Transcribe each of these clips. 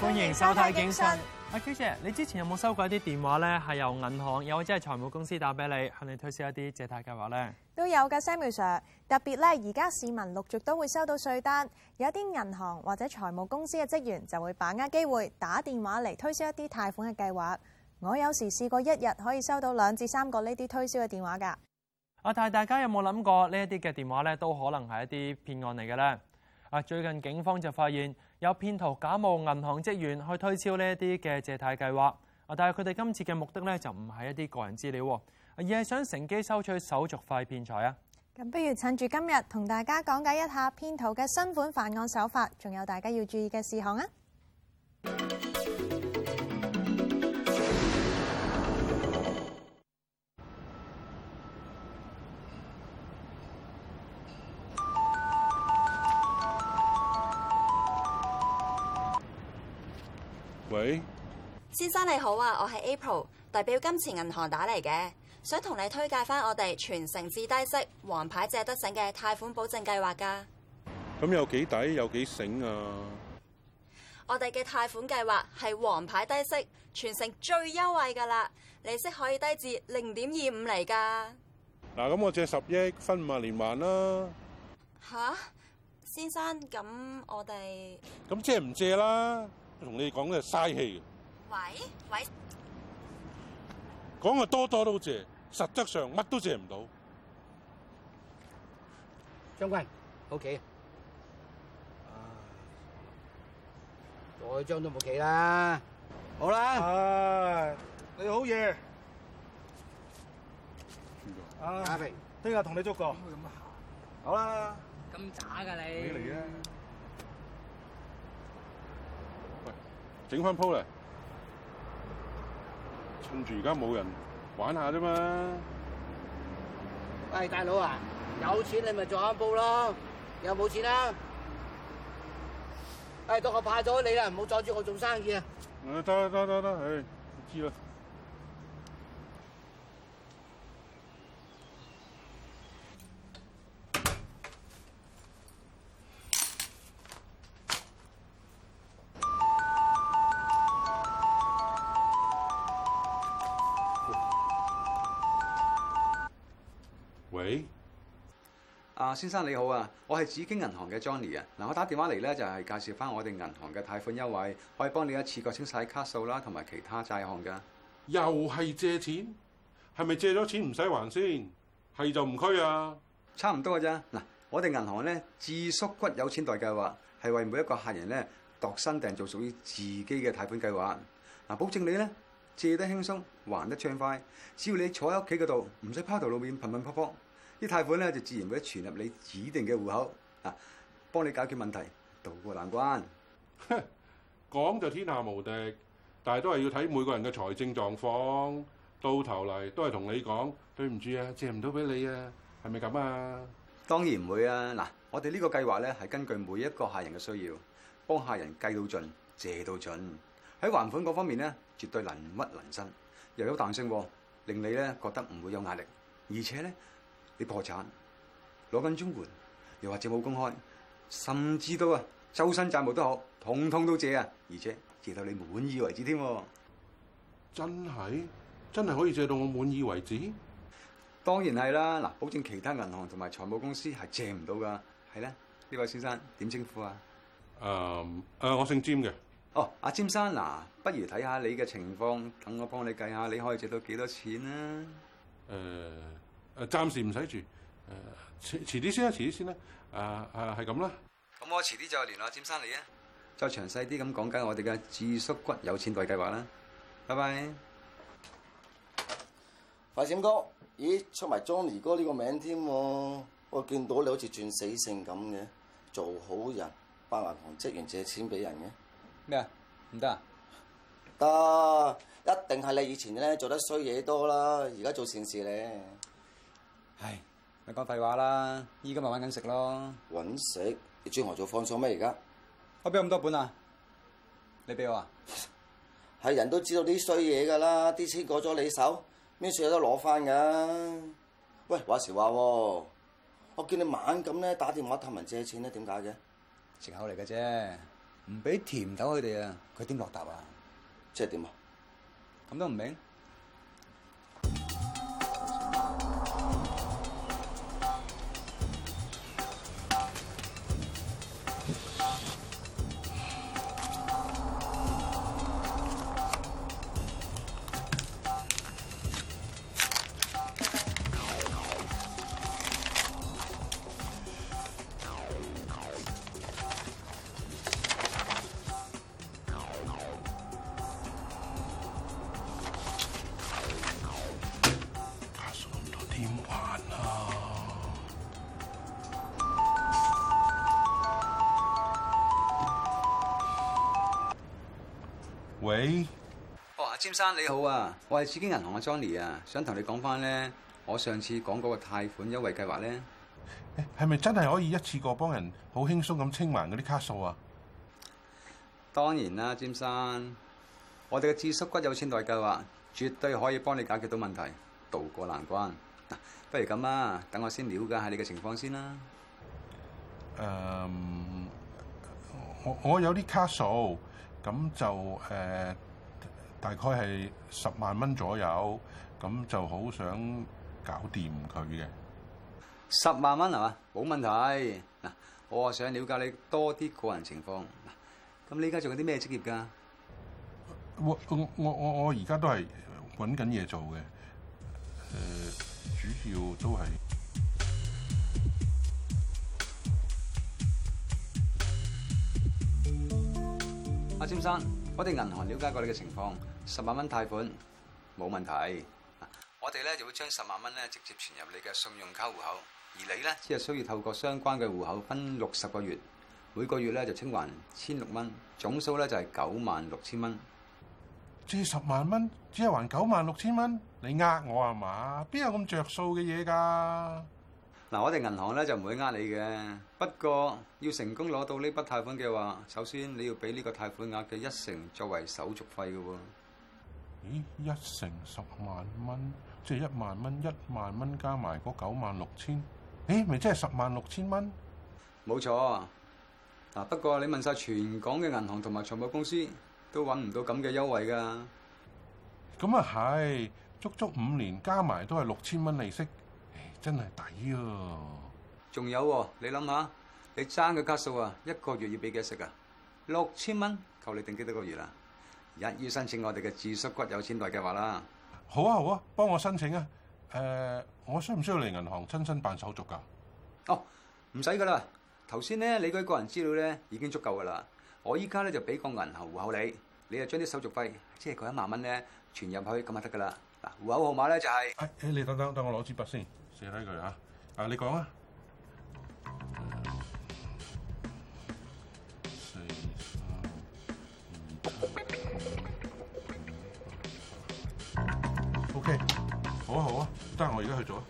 歡迎收睇警訊。阿 K 姐，你之前有冇收過一啲電話咧？係由銀行又或者係財務公司打俾你，向你推銷一啲借貸計劃咧？都有㗎，Samuel sir。特別咧，而家市民陸續都會收到稅單，有啲銀行或者財務公司嘅職員就會把握機會打電話嚟推銷一啲貸款嘅計劃。我有時試過一日可以收到兩至三個呢啲推銷嘅電話㗎。阿泰，大家有冇諗過呢一啲嘅電話咧，都可能係一啲騙案嚟嘅咧？啊，最近警方就發現。有騙徒假冒銀行職員去推銷呢一啲嘅借貸計劃，啊！但係佢哋今次嘅目的咧就唔係一啲個人資料，而係想乘機收取手續費騙財啊！咁不如趁住今日同大家講解一下騙徒嘅新款犯案手法，仲有大家要注意嘅事項啊！你好啊，我係 April，代表金錢銀行打嚟嘅，想同你推介返我哋全城至低息、皇牌借得醒嘅貸款保證計劃噶。咁有幾抵，有幾醒啊！我哋嘅貸款計劃係皇牌低息，全城最優惠噶啦，利息可以低至零點二五嚟噶。嗱，咁我借十億分五十年還啦。吓、啊，先生，咁我哋咁借唔借啦？同你講嘅嘥氣。喂喂，講啊多多都借，實質上乜都借唔到。將軍，好企，再張都冇企啦。好啦，啊，你好嘢，阿肥，聽日同你捉過，好啦，咁渣噶你，整翻鋪啦。趁住而家冇人玩下啫嘛！喂，大佬啊，有錢你咪撞下步咯，又冇錢啦，啊！哎，當我怕咗你啦，唔好阻住我做生意啊！誒、嗯，得啦得啦得啦，唉，知啦。啊，先生你好啊，我係紫荊銀行嘅 Johnny 啊，嗱，我打電話嚟咧就係介紹翻我哋銀行嘅貸款優惠，可以幫你一次過清晒卡數啦，同埋其他債項噶。又係借錢，係咪借咗錢唔使還先？係就唔屈啊？差唔多噶咋？嗱，我哋銀行咧自縮骨有錢貸計劃係為每一個客人咧度身訂做屬於自己嘅貸款計劃，嗱，保證你咧借得輕鬆，還得暢快，只要你坐喺屋企嗰度，唔使拋頭露面，頻頻撲撲。啲貸款咧就自然會傳入你指定嘅戶口啊，幫你解決問題，渡過難關。講就天下無敵，但係都係要睇每個人嘅財政狀況。到頭嚟都係同你講對唔住啊，借唔到俾你啊，係咪咁啊？當然唔會啊！嗱，我哋呢個計劃咧係根據每一個客人嘅需要，幫客人計到盡，借到盡喺、啊啊啊啊、還款嗰方面咧，絕對能屈能伸，又有彈性，令你咧覺得唔會有壓力，而且咧。你破產，攞緊綜援，又或者冇工開，甚至到啊周身債務都好，統統都借啊！而且借到你滿意為止添，真係真係可以借到我滿意為止？當然係啦！嗱，保證其他銀行同埋財務公司係借唔到㗎，係咧，呢位先生點稱呼啊？誒誒，我姓詹嘅。哦、啊，阿詹生，嗱，不如睇下你嘅情況，等我幫你計下，你可以借到幾多錢啊？誒。誒，暫時唔使住，誒遲遲啲先啦，遲啲先啦，啊啊，啊啊，係咁啦。咁我遲啲就聯絡詹生你啊，就詳細啲咁講緊我哋嘅智骨骨有錢袋計劃啦。拜拜，快閃哥，咦，出埋 Johnny 哥呢個名添喎？我見到你好似轉死性咁嘅，做好人，扮銀行職員借錢俾人嘅咩啊？唔得啊？得，一定係你以前咧做得衰嘢多啦，而家做善事咧。唉，咪你講廢話啦！依家咪玩緊食咯，搵食你專我做放數咩而家？我邊有咁多本啊？你俾我啊？係人都知道啲衰嘢噶啦，啲錢過咗你手，邊時有得攞翻噶？喂，話時話喎，我見你猛咁咧打電話探人借錢咧，點解嘅？借口嚟嘅啫，唔俾甜頭佢哋啊，佢點落疊啊？即係點啊？咁都唔明？哦，阿、oh, 詹生你好啊，我係紫金銀行嘅 Johnny 啊，想同你講翻咧，我上次講嗰個貸款優惠計劃咧，係、欸、咪真係可以一次過幫人好輕鬆咁清還嗰啲卡數啊？當然啦，詹生，我哋嘅智縮骨有錢袋計劃絕對可以幫你解決到問題，渡過難關。不如咁啊，等我先了解下你嘅情況先啦。誒、um,，我我有啲卡數。咁就、呃、大概係十萬蚊左右，咁就好想搞掂佢嘅。十萬蚊係嘛？冇問題。嗱，我想了解你多啲個人情況。咁你依家做緊啲咩職業㗎？我我我我而家都係揾緊嘢做嘅。呃，主要都係。先生，我哋銀行了解過你嘅情況，十萬蚊貸款冇問題。我哋咧就會將十萬蚊咧直接存入你嘅信用卡戶口，而你咧只係需要透過相關嘅戶口分六十個月，每個月咧就清還千六蚊，總數咧就係九萬六千蚊。借十萬蚊，只係還九萬六千蚊，你呃我吖嘛？邊有咁着數嘅嘢噶？嗱，我哋銀行咧就唔會呃你嘅，不過要成功攞到呢筆貸款嘅話，首先你要俾呢個貸款額嘅一成作為手續費嘅喎。咦，一成十萬蚊，即係一萬蚊，一萬蚊加埋嗰九萬六千，咦，咪即係十萬六千蚊？冇錯。嗱，不過你問晒全港嘅銀行同埋財務公司，都揾唔到咁嘅優惠㗎。咁啊係，足足五年加埋都係六千蚊利息。真係抵啊，啊！仲有，你諗下，你爭嘅卡數啊，一個月要俾幾多息啊？六千蚊，求你定幾多個月啦？一於申請我哋嘅自縮骨有錢袋計劃啦！好啊，好啊，幫我申請啊！誒、呃，我需唔需要嚟銀行親身辦手續噶？哦，唔使噶啦，頭先咧你嗰啲個，個人資料咧已經足夠噶啦，我依家咧就俾個銀行戶口你，你就將啲手續費即係佢一萬蚊咧存入去咁就得噶啦！嗱，戶口號碼咧就係、是、誒、哎，你等等等我攞支筆先。寫低佢啊，啊你講啊，四三二，OK，好啊好啊，得，我而家去做啊。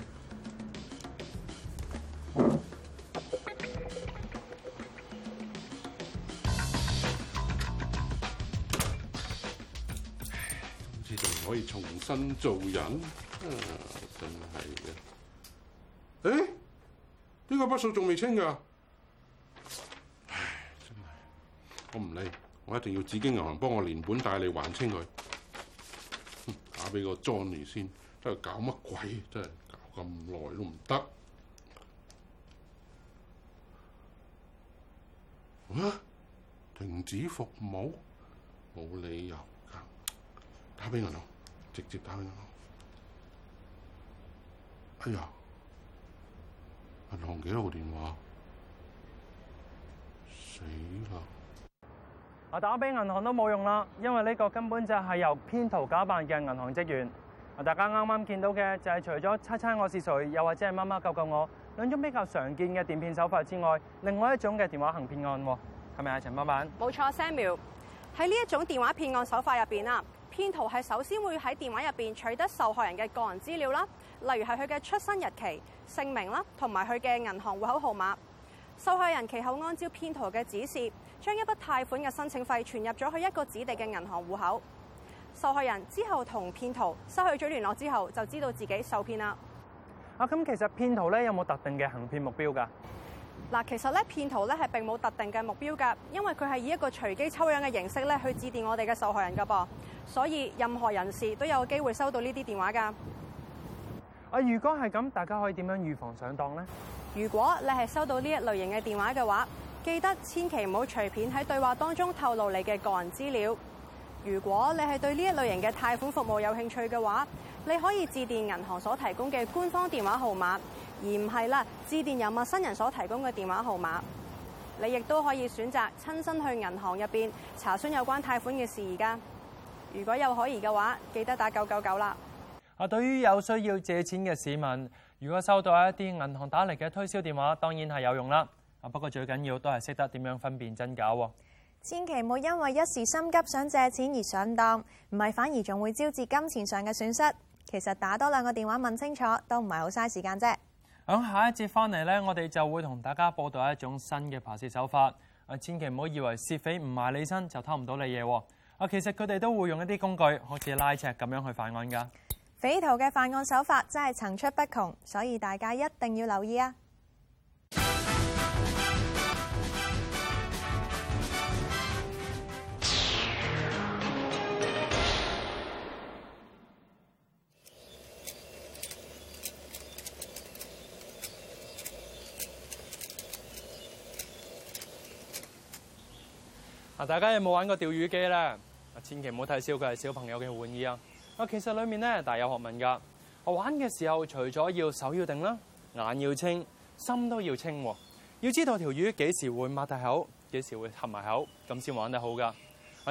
好似仲可以重新做人，真係嘅。呢個筆數仲未清噶，唉，真係我唔理，我一定要紫荊銀行幫我連本帶利還清佢。打俾個 Johnny 先，真係搞乜鬼？真係搞咁耐都唔得。啊！停止服務，冇理由噶。打俾銀行，直接打俾銀行。哎呀！銀行幾號電話？死啦！我打俾銀行都冇用啦，因為呢個根本就係由編導假扮嘅銀行職員。啊，大家啱啱見到嘅就係、是、除咗猜猜我是誰，又或者係媽媽救救我，兩種比較常見嘅電騙手法之外，另外一種嘅電話行騙案係咪啊，陳老闆？冇錯，Samuel 喺呢一種電話騙案手法入邊啦。騙徒係首先會喺電話入邊取得受害人嘅個人資料啦，例如係佢嘅出生日期、姓名啦，同埋佢嘅銀行戶口號碼。受害人其後按照騙徒嘅指示，將一筆貸款嘅申請費存入咗去一個指定嘅銀行戶口。受害人之後同騙徒失去咗聯絡之後，就知道自己受騙啦。啊，咁其實騙徒咧有冇特定嘅行騙目標㗎？嗱，其實咧騙徒咧係並冇特定嘅目標㗎，因為佢係以一個隨機抽樣嘅形式咧去致電我哋嘅受害人㗎噃，所以任何人士都有機會收到呢啲電話㗎。啊，如果係咁，大家可以點樣預防上當呢？如果你係收到呢一類型嘅電話嘅話，記得千祈唔好隨便喺對話當中透露你嘅個人資料。如果你係對呢一類型嘅貸款服務有興趣嘅話，你可以致電銀行所提供嘅官方電話號碼。而唔係啦，致電由陌生人所提供嘅電話號碼，你亦都可以選擇親身去銀行入邊查詢有關貸款嘅事。而家如果有可疑嘅話，記得打九九九啦。啊，對於有需要借錢嘅市民，如果收到一啲銀行打嚟嘅推銷電話，當然係有用啦。啊，不過最緊要都係識得點樣分辨真假喎。千祈唔好因為一時心急想借錢而上當，唔係反而仲會招致金錢上嘅損失。其實打多兩個電話問清楚都唔係好嘥時間啫。響下一節翻嚟呢我哋就會同大家報導一種新嘅扒竊手法。啊，千祈唔好以為竊匪唔埋你身就偷唔到你嘢。啊，其實佢哋都會用一啲工具，好似拉尺咁樣去犯案㗎。匪徒嘅犯案手法真係層出不窮，所以大家一定要留意啊！大家有冇玩過釣魚機咧？千祈唔好睇少，佢係小朋友嘅玩意啊！啊，其實裏面咧大有學問噶。我玩嘅時候，除咗要手要定啦，眼要清，心都要清。要知道條魚幾時會擘大口，幾時會合埋口，咁先玩得好噶。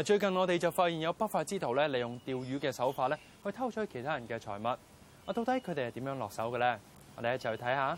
最近我哋就發現有不法之徒咧，利用釣魚嘅手法咧，去偷取其他人嘅財物。啊，到底佢哋係點樣落手嘅咧？我哋一齊去睇下。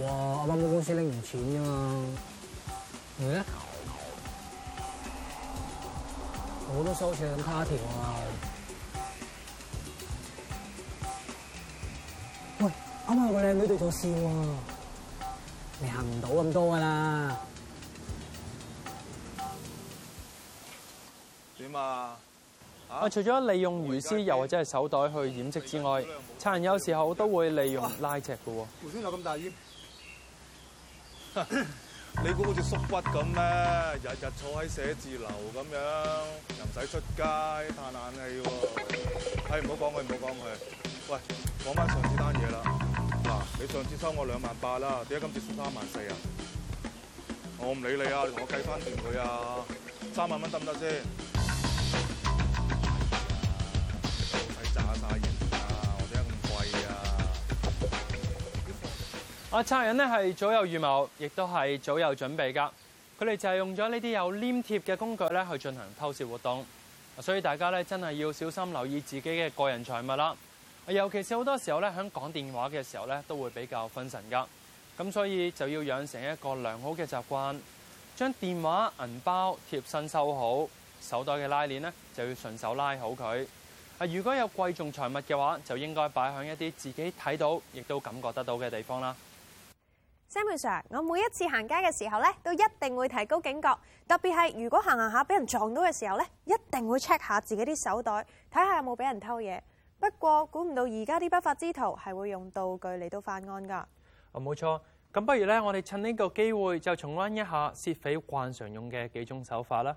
哇！我幫公司拎唔錢啫嘛。你咧？我都收起啲卡片喎。喂，啱啱有個靚女在度笑啊！你行唔到咁多噶啦。點啊？啊！除咗利用魚絲又或者係手袋去掩飾之外，賊人有時候都會利用拉尺噶喎。頭先有咁大煙？ 你估好似縮骨咁咩？日日坐喺寫字樓咁樣，又唔使出街嘆冷氣喎，啊。哎，唔好講佢，唔好講佢。喂，講翻上次單嘢啦。嗱，你上次收我兩萬八啦，點解今次收三萬四啊？我唔理你啊，你同我計翻掂佢啊。三萬蚊得唔得先？啊！賊人咧係早有預謀，亦都係早有準備噶。佢哋就係用咗呢啲有黏貼嘅工具咧去進行偷竊活動。所以大家咧真係要小心留意自己嘅個人財物啦。尤其是好多時候咧響講電話嘅時候咧都會比較分神噶。咁所以就要養成一個良好嘅習慣，將電話、銀包貼身收好，手袋嘅拉鏈呢，就要順手拉好佢。啊，如果有貴重財物嘅話，就應該擺喺一啲自己睇到，亦都感覺得到嘅地方啦。Samuel Sir 我每一次行街嘅時候咧，都一定會提高警覺，特別係如果行行下俾人撞到嘅時候咧，一定會 check 下自己啲手袋，睇下有冇俾人偷嘢。不過估唔到而家啲不法之徒係會用道具嚟到犯案噶。哦，冇錯。咁不如咧，我哋趁呢個機會就重温一下竊匪慣常用嘅幾種手法啦。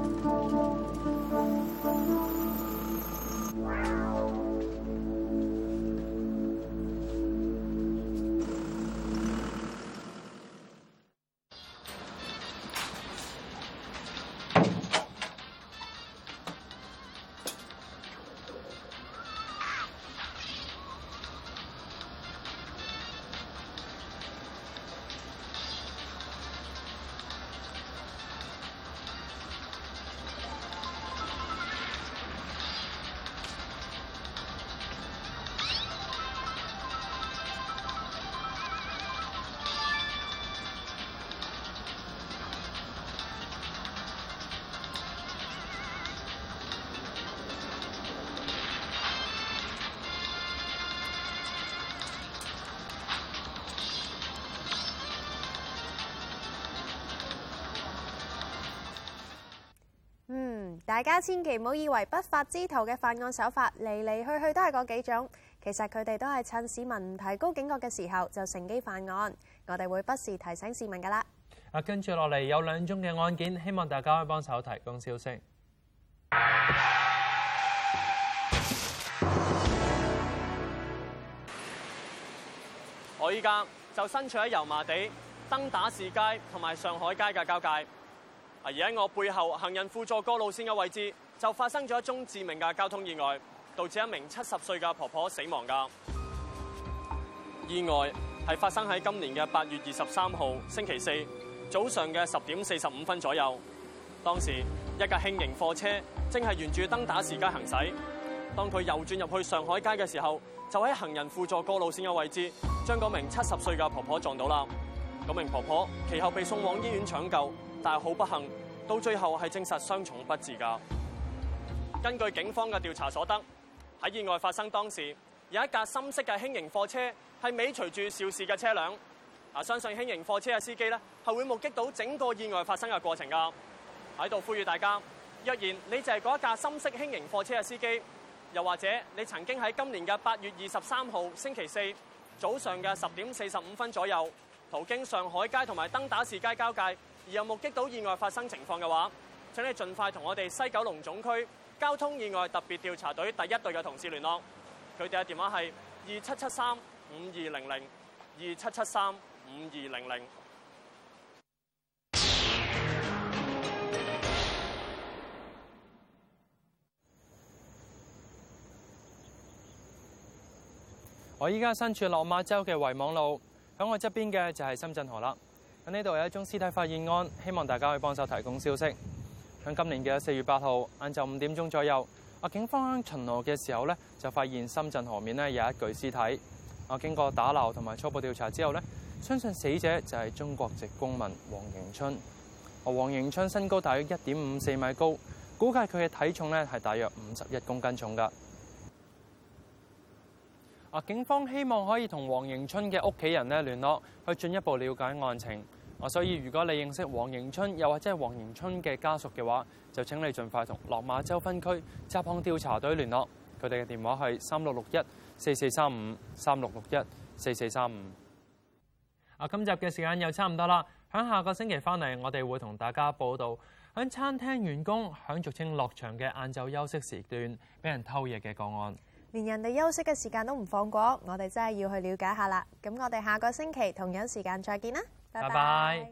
大家千祈唔好以為不法之徒嘅犯案手法嚟嚟去去都係嗰幾種，其實佢哋都係趁市民唔提高警覺嘅時候就乘機犯案。我哋會不時提醒市民㗎喇。跟住落嚟有兩宗嘅案件，希望大家可以幫手提供消息。我依家就身處喺油麻地登打士街同埋上海街嘅交界。而喺我背後行人輔助過路線嘅位置，就發生咗一宗致命嘅交通意外，導致一名七十歲嘅婆婆死亡的。噶意外係發生喺今年嘅八月二十三號星期四早上嘅十點四十五分左右。當時一架輕型貨車正係沿住燈打士街行駛，當佢右轉入去上海街嘅時候，就喺行人輔助過路線嘅位置將嗰名七十歲嘅婆婆撞到啦。嗰名婆婆其後被送往醫院搶救。但係好不幸，到最後係證實傷重不治。噶根據警方嘅調查所得，喺意外發生當時，有一架深色嘅輕型貨車係尾隨住肇事嘅車輛。啊，相信輕型貨車嘅司機呢，係會目擊到整個意外發生嘅過程。噶喺度呼籲大家，若然你就係嗰一架深色輕型貨車嘅司機，又或者你曾經喺今年嘅八月二十三號星期四早上嘅十點四十五分左右途經上海街同埋登打士街交界，有目擊到意外發生情況嘅話，請你盡快同我哋西九龍總區交通意外特別調查隊第一隊嘅同事聯絡，佢哋嘅電話係二七七三五二零零二七七三五二零零。我依家身處落馬洲嘅圍網路，響我側邊嘅就係深圳河啦。喺呢度有一宗屍體發現案，希望大家可以幫手提供消息。喺今年嘅四月八號晏晝五點鐘左右，啊警方巡邏嘅時候咧就發現深圳河面咧有一具屍體。啊經過打撈同埋初步調查之後呢，相信死者就係中國籍公民黃迎春。啊黃迎春身高大約一點五四米高，估計佢嘅體重咧係大約五十一公斤重噶。啊！警方希望可以同黃迎春嘅屋企人咧聯絡，去進一步了解案情。啊！所以如果你認識黃迎春，又或者係黃盈春嘅家屬嘅話，就請你盡快同落馬洲分區執行調查隊聯絡。佢哋嘅電話係三六六一四四三五，三六六一四四三五。啊！今集嘅時間又差唔多啦，響下個星期翻嚟，我哋會同大家報道響餐廳員工響俗稱落場嘅晏晝休息時段俾人偷嘢嘅個案。連人哋休息嘅時間都唔放過，我哋真係要去了解下啦。咁我哋下個星期同樣時間再見啦，拜拜。